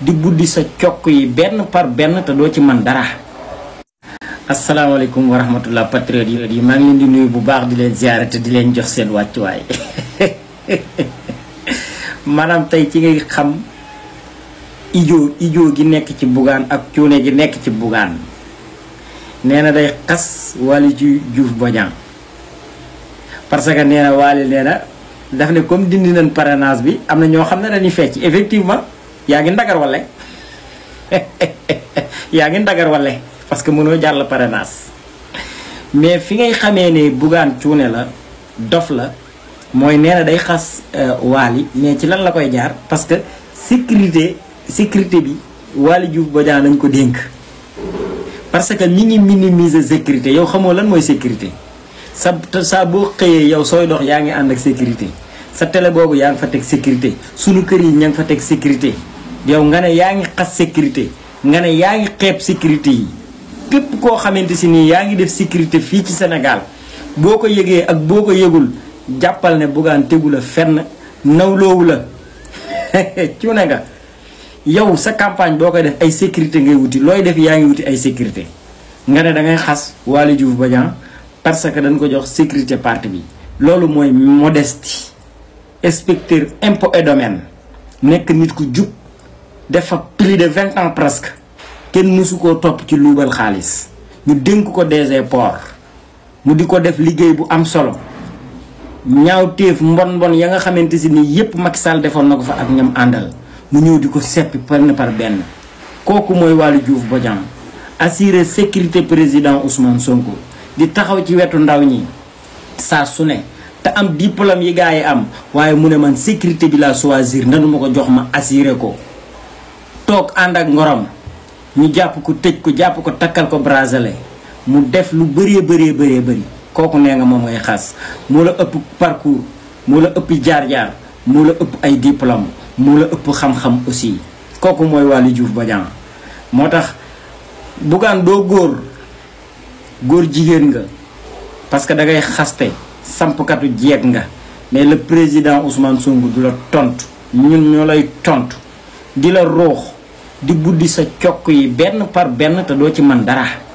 di buddi sa cokk yi par ben te doo ci man dara asalaamaaleykum wa rahmatullah patriote yi maa ngi leen di nuyu bu baax di leen ziare di leen jox seen ci ngay xam ijo ijo gi nekk ci bugaan ak cuune gi nekk ci bugaan nee na day xas wali ci juuf bojan parce que nee na waali na daf ne comme dindi nañ parrainage bi dañuy fecc effectivement yaagin Dakar wala yaagin Dakar wala parce que mënoo jàll parrainage mais fi ngay xamee ne Bougane cuune la dof la mooy nee na day xas eh, Waly mais ci lan la koy jaar parce que sécurité sécurité bi wali Diouf Bodian lañ ko dénk parce que ñi ngi minimiser sécurité yow xamoo lan mooy sécurité sa saa boo xëyee yow sooy dox yaa ngi ak sécurité sa télé boobu fa tek sécurité sunu kër yi fa tek sécurité yow nga ne yaa ngi xas sécurité nga ne yaa ngi xeeb sécurité yi képp koo xamante si nii yaa ngi def sécurité fii ci Sénégal boo ko yëgee ak boo ko yëgul jàppal ne Bougane tegu la fenn nawloowu la cu ne nga yow sa campagne boo koy def ay sécurité ngay wuti looy def yaa ngi wuti ay sécurité nga ne da ngay xas Waly Diouf Bodiang parce que dañ ko jox sécurité parti bi loolu mooy modestie inspecteur impôt et domaine nekk nit ku jub de fa plus de vingt ans presque kenn mësu top topp ci luubal xaalis ñu dénk ko DG port mu di ko def liggéey bu am solo ñaaw téef mbon mbon ya nga xamante si yep yépp Macky Sall defoon na fa ak ñam andal mu ñëw di ko seppi benn par ben kooku mooy Waly Diouf bojang assurer sécurité président Ousmane Sonko di taxaw ci wetu ndaw ñi sa su ta am diplôme yi gars am waaye mu man sécurité bi laa choisir nanuma ko jox ma assurer ko toog ànd ngorom ñu jàpp ko tëj ko jàpp ko takkal ko bracelet mu def lu bëree bëree bëree bëri kooku nee nga moom ngay xas moo la ëpp parcours moo la ëpp jaar-jaar moo la ëpp ay diplôme moo la ëpp xam-xam aussi kooku mooy Waly Diouf Bodiang moo tax bugaan doo góor góor jigéen nga parce que da ngay nga mais le président Ousmane Sonko ñun roox di buddi sa cokk yi benn par benn te doo ci man dara